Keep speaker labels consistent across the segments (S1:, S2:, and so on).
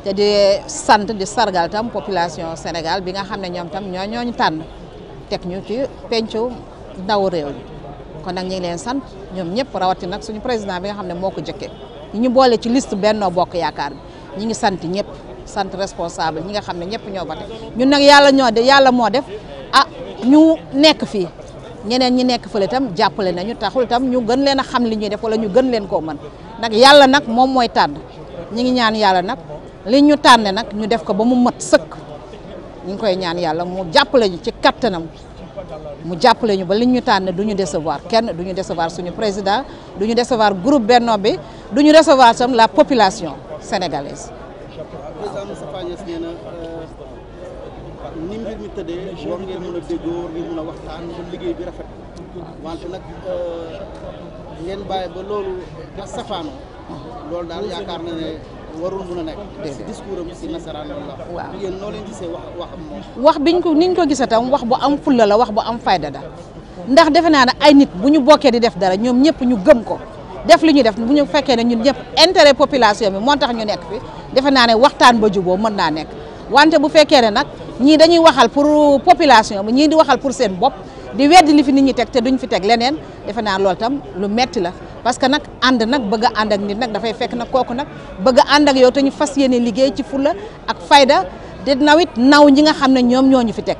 S1: te di sant di sargal tam population Sénégal bi nga xam ne ñoom tam ñoo ñooñu tànn teg ñu ci pencu ndaw réew mi kon nag ñu ngi leen sant ñoom ñëpp rawati nag suñu président bi nga xam ne moo ko jëkke ñu boole ci liste Benno Bokk Yaakaar bi ngi sant ñëpp sant responsable ñi nga xam ne ñëpp ñoo ba ñun nag yàlla ñoo de yàlla moo def ah ñu nekk fii ñeneen ñi nekk fële tam jàppale nañu taxul tam ñu gën leen a xam li ñuy def wala ñu gën leen koo mën nag yàlla nag moom mooy tànn ñi ngi ñaan yàlla nag li ñu tànne nag ñu def ko ba mu mat sëkk ñu koy ñaan yàlla mu jàppale ñu ci kattanam mu jàppale ñu ba li ñu tànne du ñu décevoir kenn du ñu décevoir suñu président du ñu décevoir groupe Benno bi du ñu décevoir sam la population sénégalaise. président Moustapha Niasse euh, ni mbir mi tëddee war ngeen mën a déggoo waxtaan liggéey bi rafet wante nag euh, ngeen bàyyi ba loolu nga safaanoo loolu daal yaakaar na ne. warul waaw wax wax moom. wax ko niñ ko gisee tam wax bu am fulla la wax bu am fayda da ndax defe naa ne ay nit bu ñu bokkee di def dara ñoom ñëpp ñu gëm ko def li ñu def bu ñu fekkee ne ñun ñëpp intérêt population bi moo tax ñu nekk fi defe naa ne waxtaan ba juboo mën naa nekk wante bu fekkee ne nag ñii dañuy waxal pour population bi ñii di waxal pour seen bopp di weddi li fi nit ñi teg te duñ fi teg leneen defe naa loolu tam lu metti la. parce que nag ànd nag bëgg a ànd ak nit nag dafay fekk nag kooku nag bëgg a ànd ak yow te ñu fas yéene liggéey ci fulla ak fayda di nawit naw ñi nga xam ne ñoom ñoo ñu fi teg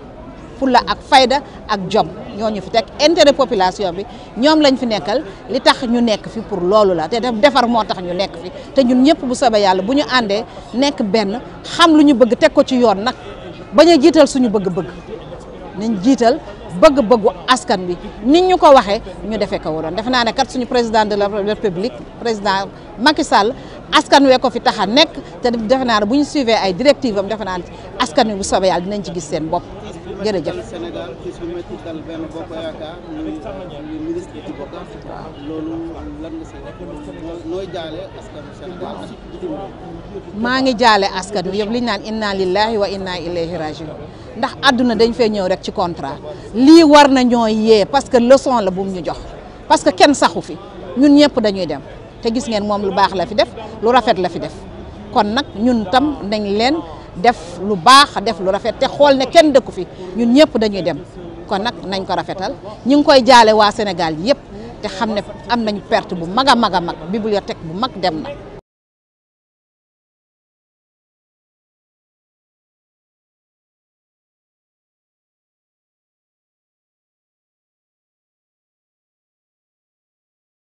S1: fulla ak fayda ak jom ñoo ñu fi teg intérêt population bi ñoom lañ fi nekkal li tax ñu nekk fi pour loolu la te defar moo tax ñu nekk fi te ñun ñëpp bu soobee yàlla bu ñu àndee nekk benn xam lu ñu bëgg teg ko ci yoon nag bañ a jiital suñu bëgg-bëgg nañ jiital bëgg-bëggu askan wi nit ñu ko waxee ñu defee ko waroon defe naa ne kat suñu président de la république président Macky Sall askan wee ko fi tax nekk te defe naa ne bu ñu suivee ay directives am defe naa askan wi bu soobee yàlla dinañ ci gis seen bopp jërëjëf. maa ngi jaale askan wi yëpp li ñu naan inna lillahi wa inna ilayhi rajiun ndax àdduna dañ fee ñëw rek ci contrat lii war na ñoo yee parce que leçon la bu ñu jox parce que kenn saxu fi ñun ñëpp dañuy dem te gis ngeen moom lu baax la fi def lu rafet la fi def kon nag ñun tam dañ leen def lu baax def lu rafet te xool ne kenn dëkku fi ñun ñëpp dañuy dem kon nag nañ ko rafetal ñu ngi koy jaale waa Sénégal yëpp te xam ne am nañu perte bu mag a mag a mag bibliothèque bu mag dem na